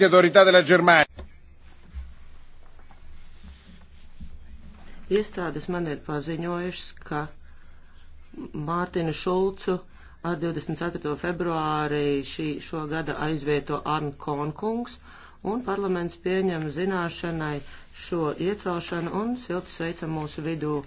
di autorità della Germania. Iestādes man ir paziņojušas, ka Mārtiņu Šulcu ar 24. februārī šī, šo gada aizvieto Arnu Konkungs un parlaments pieņem zināšanai šo iecelšanu un silti sveicam mūsu vidū.